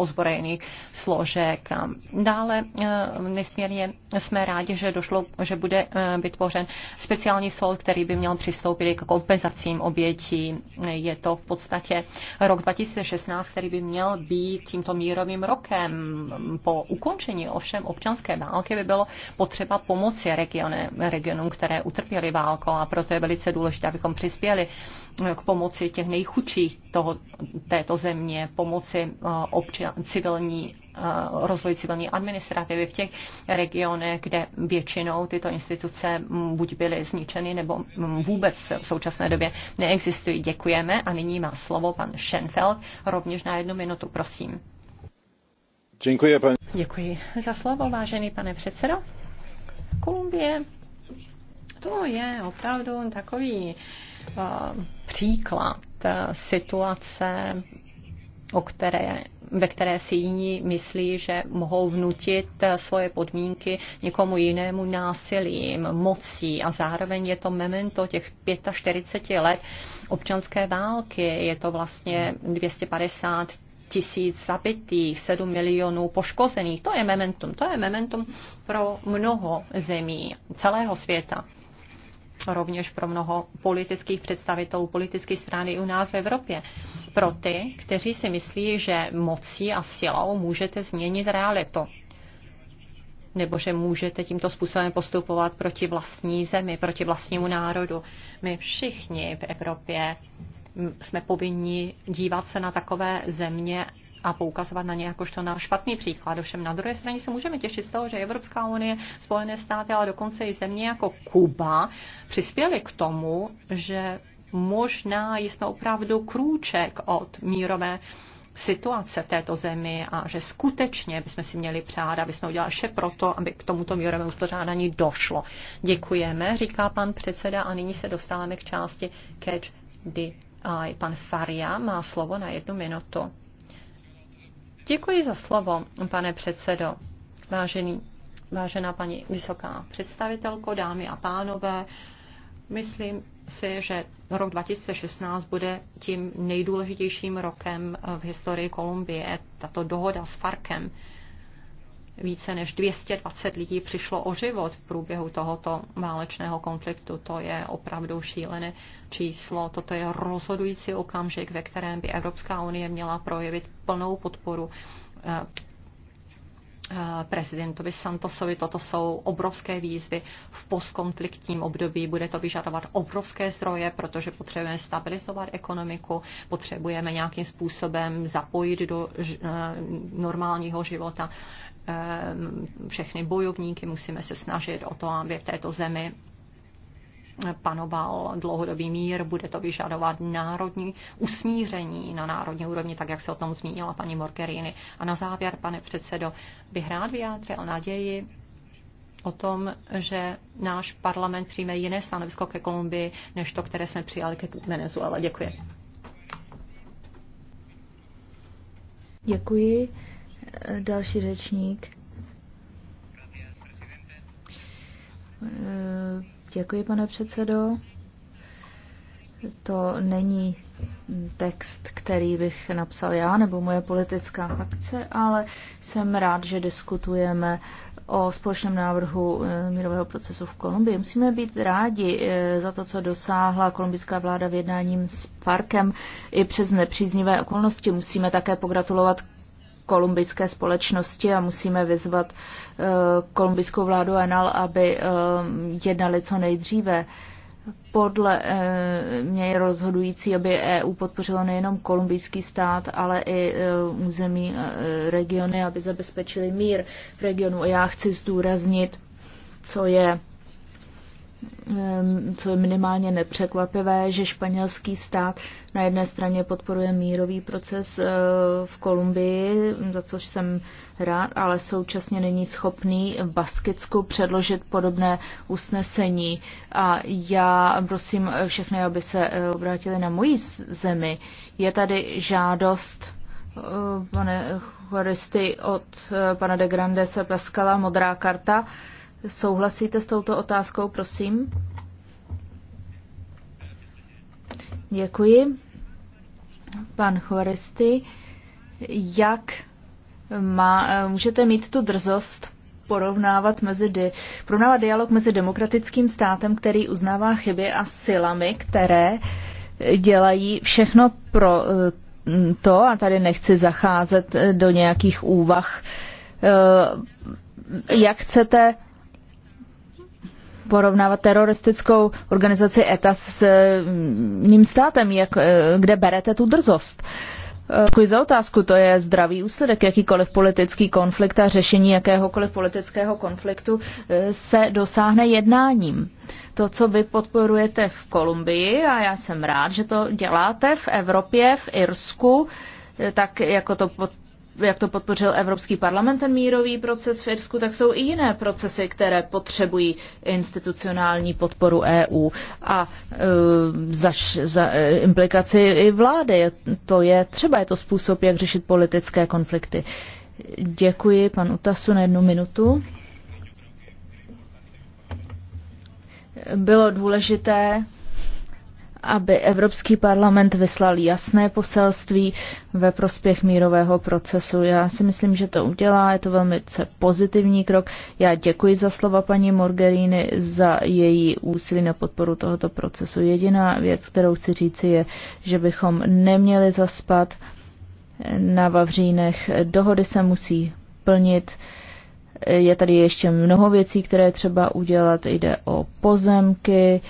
ozbrojených složek. Dále uh, nesmírně jsme rádi, že došlo, že bude uh, vytvořen speciální soud, který který by měl přistoupit k kompenzacím obětí. Je to v podstatě rok 2016, který by měl být tímto mírovým rokem. Po ukončení ovšem občanské války by bylo potřeba pomoci regiony, regionům, které utrpěly válko a proto je velice důležité, abychom přispěli k pomoci těch nejchudších toho, této země, pomoci eh, občan, civilní Eh, rozvoj civilní administrativy v těch regionech, kde většinou tyto instituce buď byly zničeny nebo mm, vůbec v současné době neexistují. Děkujeme a nyní má slovo pan Schenfeld, rovněž na jednu minutu, prosím. Děkuji, pan... Děkuji za slovo, vážený pane předsedo. Kolumbie, to je opravdu takový uh, příklad uh, situace, o které ve které si jiní myslí, že mohou vnutit eh, svoje podmínky někomu jinému násilím, mocí a zároveň je to memento těch 45 let občanské války. Je to vlastně 250 tisíc zabitých, 7 milionů poškozených. To je momentum. To je momentum pro mnoho zemí celého světa rovněž pro mnoho politických představitelů, politických strany i u nás v Evropě. Pro ty, kteří si myslí, že mocí a silou můžete změnit realitu nebo že můžete tímto způsobem postupovat proti vlastní zemi, proti vlastnímu národu. My všichni v Evropě jsme povinni dívat se na takové země a poukazovat na ně jakožto na špatný příklad. Ovšem na druhé straně se můžeme těšit z toho, že Evropská unie, Spojené státy, ale dokonce i země jako Kuba přispěly k tomu, že možná jsme opravdu krůček od mírové situace v této zemi a že skutečně bychom si měli přát, aby jsme udělali vše proto, aby k tomuto mírovému uspořádání došlo. Děkujeme, říká pan předseda a nyní se dostáváme k části Catch the Eye. Pan Faria má slovo na jednu minutu. Děkuji za slovo, pane předsedo. Vážený, vážená paní vysoká představitelko, dámy a pánové, myslím si, že rok 2016 bude tím nejdůležitějším rokem v historii Kolumbie, tato dohoda s Farkem. Více než 220 lidí přišlo o život v průběhu tohoto válečného konfliktu. To je opravdu šílené číslo. Toto je rozhodující okamžik, ve kterém by Evropská unie měla projevit plnou podporu eh, eh, prezidentovi Santosovi. Toto jsou obrovské výzvy v postkonfliktním období. Bude to vyžadovat obrovské zdroje, protože potřebujeme stabilizovat ekonomiku, potřebujeme nějakým způsobem zapojit do eh, normálního života Eh, všechny bojovníky, musíme se snažit o to, aby v této zemi panoval dlouhodobý mír, bude to vyžadovat národní usmíření na národní úrovni, tak jak se o tom zmínila paní Morgerini. A na závěr, pane předsedo, bych rád vyjádřil naději o tom, že náš parlament přijme jiné stanovisko ke Kolumbii, než to, které jsme přijali ke Venezuele. Děkuji. Děkuji. Další řečník. Eh, děkuji, pane předsedo. To není text, který bych napsal já nebo moje politická frakce, ale jsem rád, že diskutujeme o společném návrhu eh, mírového procesu v Kolumbii. Musíme být rádi eh, za to, co dosáhla kolumbijská vláda v jednáním s Farkem i přes nepříznivé okolnosti. Musíme také pogratulovat kolumbijské společnosti a musíme vyzvat eh, kolumbijskou vládu Enal, aby eh, jednali co nejdříve. Podle eh, mě je rozhodující, aby EU podpořila nejenom kolumbijský stát, ale i území regiony, aby zabezpečili mír v regionu. A já chci zdůraznit, co je Ehm, co je minimálně nepřekvapivé, že španělský stát na jedné straně podporuje mírový proces eh, v Kolumbii, za což jsem rád, ale současně není schopný v Baskicku předložit podobné usnesení. A já prosím všechny, aby se eh, obrátili na moji zemi. Je tady žádost eh, pane Choristy od pana de Grandese Pascala, modrá karta Souhlasíte s touto otázkou, prosím? Děkuji. Pan Choresty, jak má, můžete mít tu drzost porovnávat, mezi porovnávat dialog mezi demokratickým státem, který uznává chyby a silami, které dělají všechno pro eh, to, a tady nechci zacházet eh, do nějakých úvah, eh, jak chcete porovnávat teroristickou organizaci ETA s jiným mm, státem, jak, eh, kde berete tu drzost. Eh, Děkuji za otázku, to je zdravý úsledek. Jakýkoliv politický konflikt a řešení jakéhokoliv politického konfliktu eh, se dosáhne jednáním. To, co vy podporujete v Kolumbii, a já jsem rád, že to děláte v Evropě, v Irsku, tak jako to podporujete jak to podpořil Evropský parlament, ten mírový proces v Irsku, tak jsou i jiné procesy, které potřebují institucionální podporu EU a e, za, za e, implikaci i vlády. To je třeba, je to způsob, jak řešit politické konflikty. Děkuji pan Utasu na jednu minutu. Bylo důležité aby Evropský parlament vyslal jasné poselství ve prospěch mírového procesu. Já si myslím, že to udělá, je to velmi pozitivní krok. Já děkuji za slova paní Morgerini, za její úsilí na podporu tohoto procesu. Jediná věc, kterou chci říci, je, že bychom neměli zaspat na Vavřínech. Dohody se musí plnit. Je tady ještě mnoho věcí, které třeba udělat. Jde o pozemky,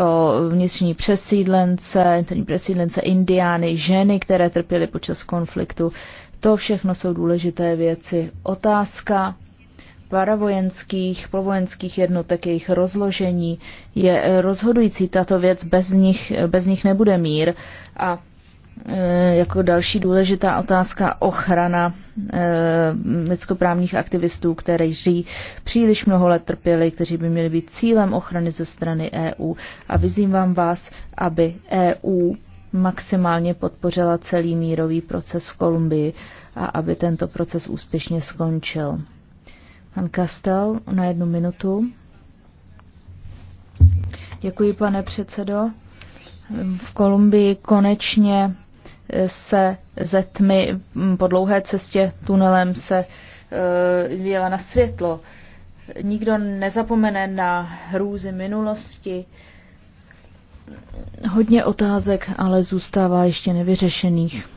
o vnitřní přesídlence, interní přesídlence Indiány, ženy, které trpěly počas konfliktu. To všechno jsou důležité věci. Otázka paravojenských, povojenských jednotek, jejich rozložení je rozhodující tato věc, bez nich, bez nich nebude mír. A Eh, jako další důležitá otázka ochrana eh, lidskoprávních aktivistů, kteří příliš mnoho let trpěli, kteří by měli být cílem ochrany ze strany EU. A vyzývám vás, aby EU maximálně podpořila celý mírový proces v Kolumbii a aby tento proces úspěšně skončil. Pan Kastel, na jednu minutu. Děkuji, pane předsedo. V Kolumbii konečně se ze tmy po dlouhé cestě tunelem se e, vyjela na světlo. Nikdo nezapomene na hrůzy minulosti. Hodně otázek ale zůstává ještě nevyřešených.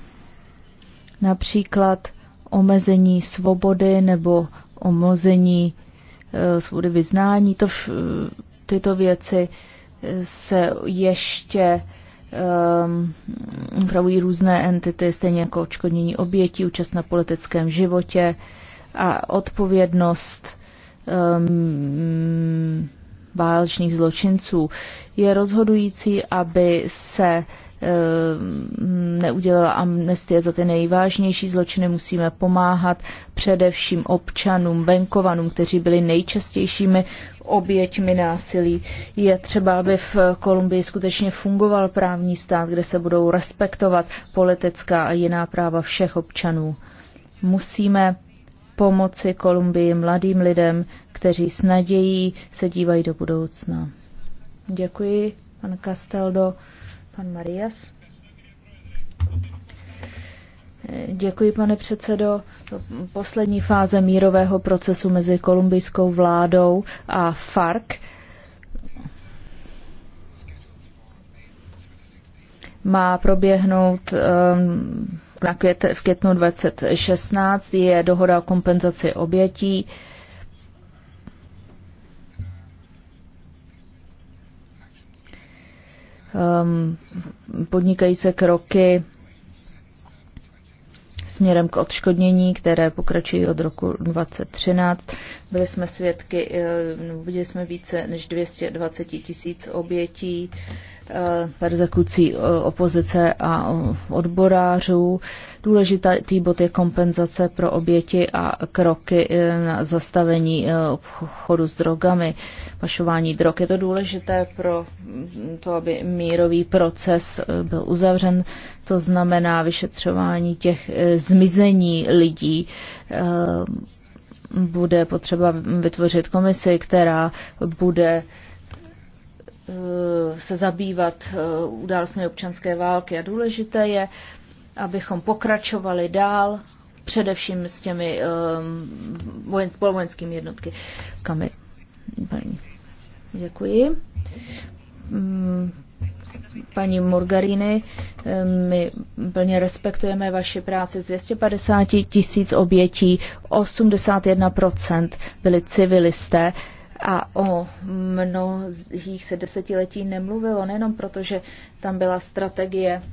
Například omezení svobody nebo omezení e, svobody vyznání. To, e, tyto věci se ještě um, různé entity, stejně jako očkodnění obětí, účast na politickém životě a odpovědnost um, válečných zločinců. Je rozhodující, aby se uh, Eh, neudělala amnestie za ty nejvážnější zločiny. Musíme pomáhat především občanům, venkovanům, kteří byli nejčastějšími oběťmi násilí. Je třeba, aby v Kolumbii skutečně fungoval právní stát, kde se budou respektovat politická a jiná práva všech občanů. Musíme pomoci Kolumbii mladým lidem, kteří s nadějí se dívají do budoucna. Děkuji, pan Castaldo. Pan Marias. Děkuji, pane předsedo. Poslední fáze mírového procesu mezi kolumbijskou vládou a FARC má proběhnout um, na květ, v květnu 2016. Je dohoda o kompenzaci obětí. um, podnikají se kroky směrem k odškodnění, které pokračují od roku 2013. Byli jsme svědky, eh, viděli jsme více než 220 tisíc obětí Eh, persekucí eh, opozice a eh, odborářů. Důležitý bod je kompenzace pro oběti a kroky na zastavení obchodu s drogami, pašování drog. Je to důležité pro to, aby mírový proces byl uzavřen. To znamená vyšetřování těch zmizení lidí bude potřeba vytvořit komisi, která bude Eh, se zabývat eh, událostmi občanské války a důležité je, abychom pokračovali dál, především s těmi eh, vojen, jednotky. Kamy. Děkuji. Mm, paní Morgariny, my plně respektujeme vaši práci z 250 tisíc obětí, 81% byli civilisté. A o mnohých se desetiletí nemluvilo, nejenom protože tam byla strategie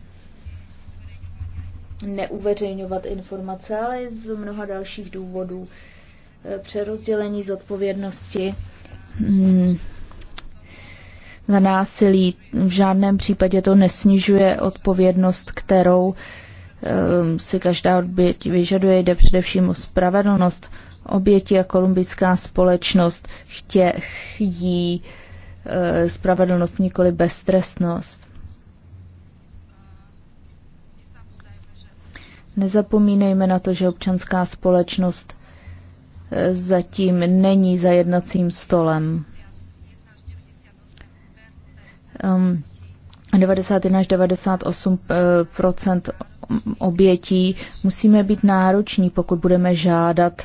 neuveřejňovat informace, ale i z mnoha dalších důvodů. E, přerozdělení zodpovědnosti za mm, násilí v žádném případě to nesnižuje odpovědnost, kterou e, si každá odběť vyžaduje, jde především o spravedlnost oběti a kolumbijská společnost chtějí e, spravedlnost, nikoli beztrestnost. Nezapomínejme na to, že občanská společnost e, zatím není za jednacím stolem. Um, 91 až 98 e, obětí musíme být nároční, pokud budeme žádat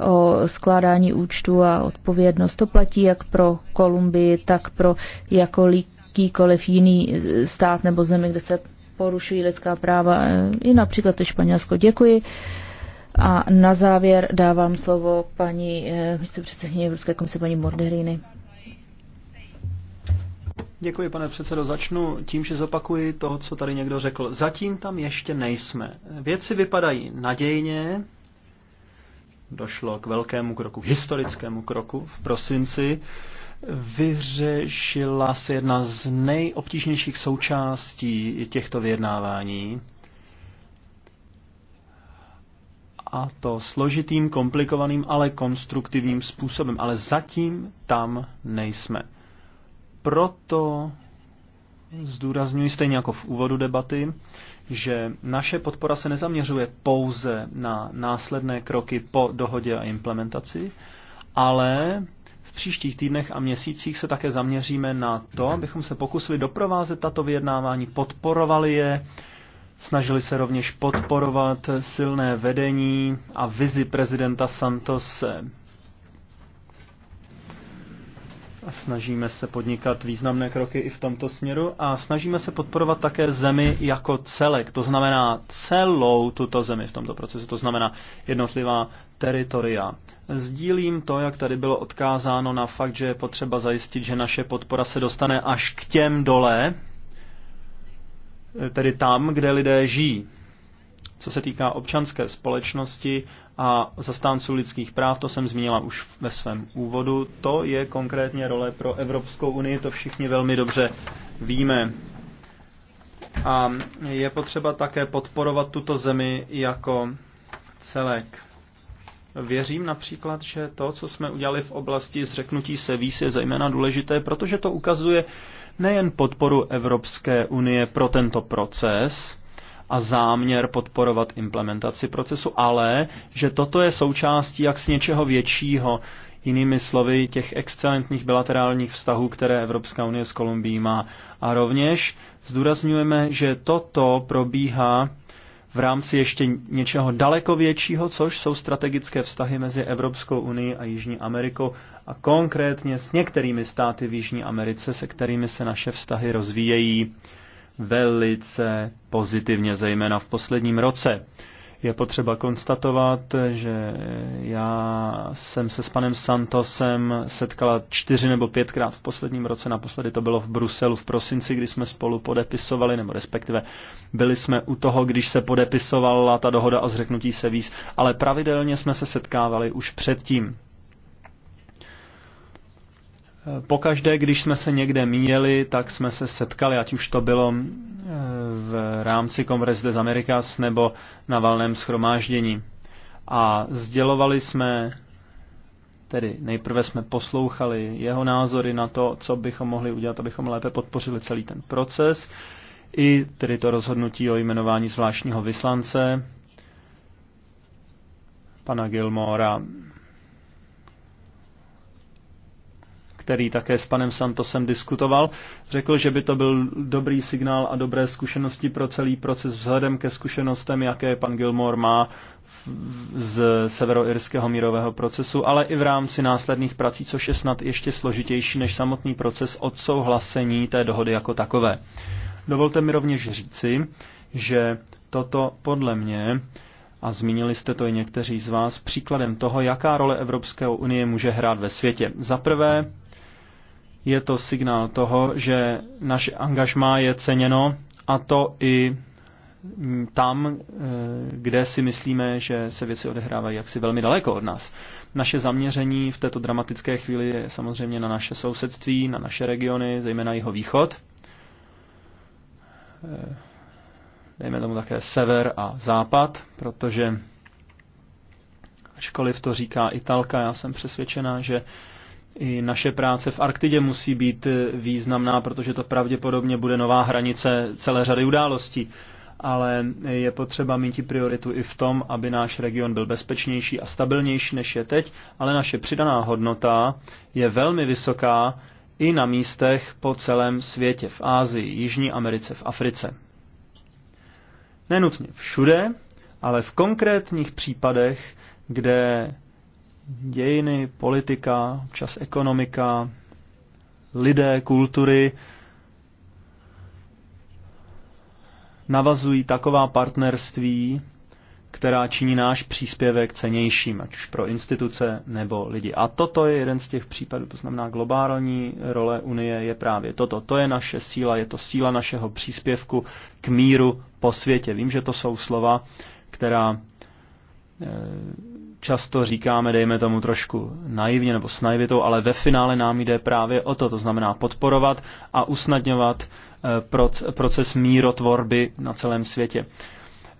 o skládání účtu a odpovědnost. To platí jak pro Kolumbii, tak pro jakýkoliv jiný stát nebo zemi, kde se porušují lidská práva, e, i například i Španělsko. Děkuji. A na závěr dávám slovo paní vicepředsedkyni Evropské komise, paní Morderini. Děkuji, pane předsedo. Začnu tím, že zopakuji to, co tady někdo řekl. Zatím tam ještě nejsme. Věci vypadají nadějně, došlo k velkému kroku, historickému kroku v prosinci. Vyřešila se jedna z nejobtížnějších součástí těchto vyjednávání, a to složitým, komplikovaným, ale konstruktivním způsobem. Ale zatím tam nejsme. Proto zdůrazňuji stejně jako v úvodu debaty, že naše podpora se nezaměřuje pouze na následné kroky po dohodě a implementaci, ale v příštích týdnech a měsících se také zaměříme na to, abychom se pokusili doprovázet tato vyjednávání, podporovali je, snažili se rovněž podporovat silné vedení a vizi prezidenta Santose Snažíme se podnikat významné kroky i v tomto směru a snažíme se podporovat také zemi jako celek, to znamená celou tuto zemi v tomto procesu, to znamená jednotlivá teritoria. Sdílím to, jak tady bylo odkázáno na fakt, že je potřeba zajistit, že naše podpora se dostane až k těm dole, tedy tam, kde lidé žijí co se týká občanské společnosti a zastánců lidských práv, to jsem zmínila už ve svém úvodu, to je konkrétně role pro Evropskou unii, to všichni velmi dobře víme. A je potřeba také podporovat tuto zemi jako celek. Věřím například, že to, co jsme udělali v oblasti zřeknutí se víc, je zejména důležité, protože to ukazuje nejen podporu Evropské unie pro tento proces, a záměr podporovat implementaci procesu, ale že toto je součástí jak z něčeho většího, jinými slovy těch excelentních bilaterálních vztahů, které Evropská unie s Kolumbií má. A rovněž zdůrazňujeme, že toto probíhá v rámci ještě něčeho daleko většího, což jsou strategické vztahy mezi Evropskou unii a Jižní Amerikou a konkrétně s některými státy v Jižní Americe, se kterými se naše vztahy rozvíjejí velice pozitivně, zejména v posledním roce. Je potřeba konstatovat, že já jsem se s panem Santosem setkala čtyři nebo pětkrát v posledním roce. Naposledy to bylo v Bruselu v prosinci, kdy jsme spolu podepisovali, nebo respektive byli jsme u toho, když se podepisovala ta dohoda o zřeknutí se víz, ale pravidelně jsme se setkávali už předtím. Pokaždé, když jsme se někde míjeli, tak jsme se setkali, ať už to bylo eh, v rámci Kongres des Americas nebo na valném schromáždění. A sdělovali jsme, tedy nejprve jsme poslouchali jeho názory na to, co bychom mohli udělat, abychom lépe podpořili celý ten proces, i tedy to rozhodnutí o jmenování zvláštního vyslance, pana Gilmora který také s panem Santosem diskutoval, řekl, že by to byl dobrý signál a dobré zkušenosti pro celý proces vzhledem ke zkušenostem, jaké pan Gilmore má z severoirského mírového procesu, ale i v rámci následných prací, což je snad ještě složitější než samotný proces odsouhlasení té dohody jako takové. Dovolte mi rovněž říci, že toto podle mě a zmínili jste to i někteří z vás, příkladem toho, jaká role Evropské unie může hrát ve světě. Za prvé, je to signál toho, že naše angažmá je ceněno a to i tam, eh, kde si myslíme, že se věci odehrávají jaksi velmi daleko od nás. Naše zaměření v této dramatické chvíli je samozřejmě na naše sousedství, na naše regiony, zejména jeho východ. Eh, dejme tomu také sever a západ, protože ačkoliv to říká Italka, já jsem přesvědčena, že i naše práce v Arktidě musí být eh, významná, protože to pravděpodobně bude nová hranice celé řady událostí. Ale eh, je potřeba mít prioritu i v tom, aby náš region byl bezpečnější a stabilnější, než je teď, ale naše přidaná hodnota je velmi vysoká i na místech po celém světě, v Ázii, Jižní Americe, v Africe. Nenutně všude, ale v konkrétních případech, kde dějiny, politika, občas ekonomika, lidé, kultury navazují taková partnerství, která činí náš příspěvek cenějším, ať už pro instituce nebo lidi. A toto je jeden z těch případů, to znamená globální role Unie je právě toto. To je naše síla, je to síla našeho příspěvku k míru po světě. Vím, že to jsou slova, která eh, často říkáme, dejme tomu trošku naivně nebo s naivitou, ale ve finále nám jde právě o to, to znamená podporovat a usnadňovat eh, proces mírotvorby na celém světě.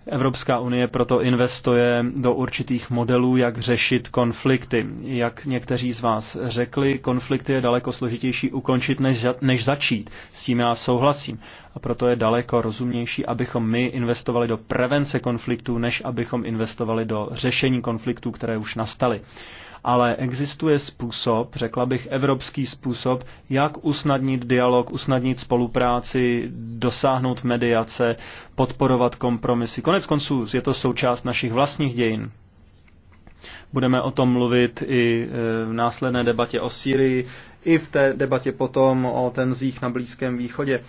Evropská unie proto investuje do určitých modelů, jak řešit konflikty. Jak někteří z vás řekli, konflikty je daleko složitější ukončit, než, za, než začít. S tím já souhlasím. A proto je daleko rozumnější, abychom my investovali do prevence konfliktů, než abychom investovali do řešení konfliktů, které už nastaly ale existuje způsob, řekla bych evropský způsob, jak usnadnit dialog, usnadnit spolupráci, dosáhnout mediace, podporovat kompromisy. Konec konců je to součást našich vlastních dějin. Budeme o tom mluvit i e, v následné debatě o Syrii, i v té debatě potom o tenzích na Blízkém východě.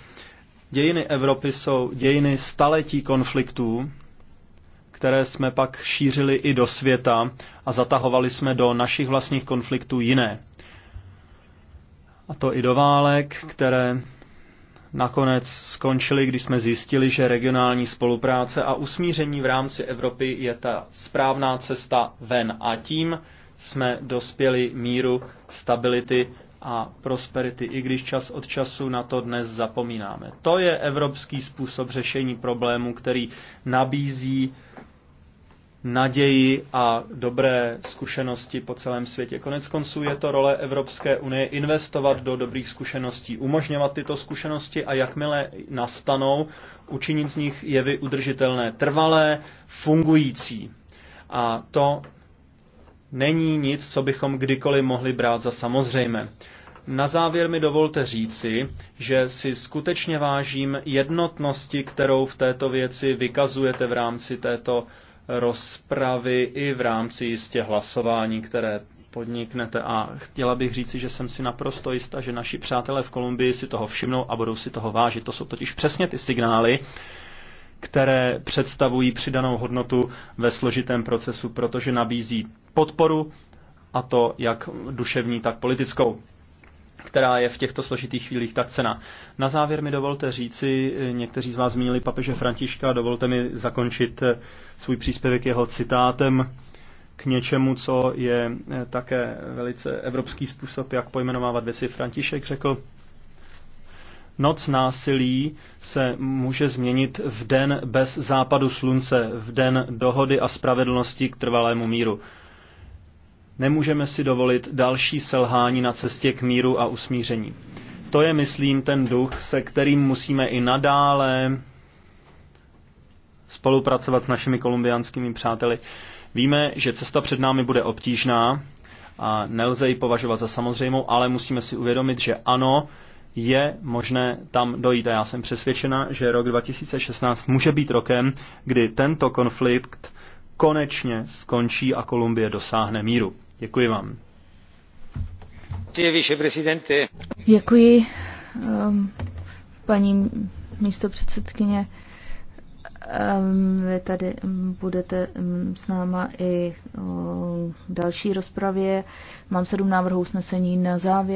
Dějiny Evropy jsou dějiny staletí konfliktů, které jsme pak šířili i do světa a zatahovali jsme do našich vlastních konfliktů jiné. A to i do válek, které nakonec skončily, když jsme zjistili, že regionální spolupráce a usmíření v rámci Evropy je ta správná cesta ven. A tím jsme dospěli míru, stability a prosperity, i když čas od času na to dnes zapomínáme. To je evropský způsob řešení problému, který nabízí naději a dobré zkušenosti po celém světě. Konec konců je to role Evropské unie investovat do dobrých zkušeností, umožňovat tyto zkušenosti a jakmile nastanou, učinit z nich jevy udržitelné, trvalé, fungující. A to není nic, co bychom kdykoliv mohli brát za samozřejmé. Na závěr mi dovolte říci, že si skutečně vážím jednotnosti, kterou v této věci vykazujete v rámci této rozpravy i v rámci jistě hlasování, které podniknete. A chtěla bych říci, že jsem si naprosto jistá, že naši přátelé v Kolumbii si toho všimnou a budou si toho vážit. To jsou totiž přesně ty signály, které představují přidanou hodnotu ve složitém procesu, protože nabízí podporu, a to jak duševní, tak politickou která je v těchto složitých chvílích tak cena. Na závěr mi dovolte říci, eh, někteří z vás zmínili papeže Františka, dovolte mi zakončit eh, svůj příspěvek jeho citátem k něčemu, co je eh, také velice evropský způsob, jak pojmenovávat věci. František řekl, Noc násilí se může změnit v den bez západu slunce, v den dohody a spravedlnosti k trvalému míru. Nemůžeme si dovolit další selhání na cestě k míru a usmíření. To je, myslím, ten duch, se kterým musíme i nadále spolupracovat s našimi kolumbianskými přáteli. Víme, že cesta před námi bude obtížná a nelze ji považovat za samozřejmou, ale musíme si uvědomit, že ano, je možné tam dojít. A já jsem přesvědčena, že rok 2016 může být rokem, kdy tento konflikt konečně skončí a Kolumbie dosáhne míru. Děkuji vám. Děkuji, um, paní místo předsedkyně. Um, vy tady budete um, s náma i v další rozpravě. Mám sedm návrhů usnesení na závěr.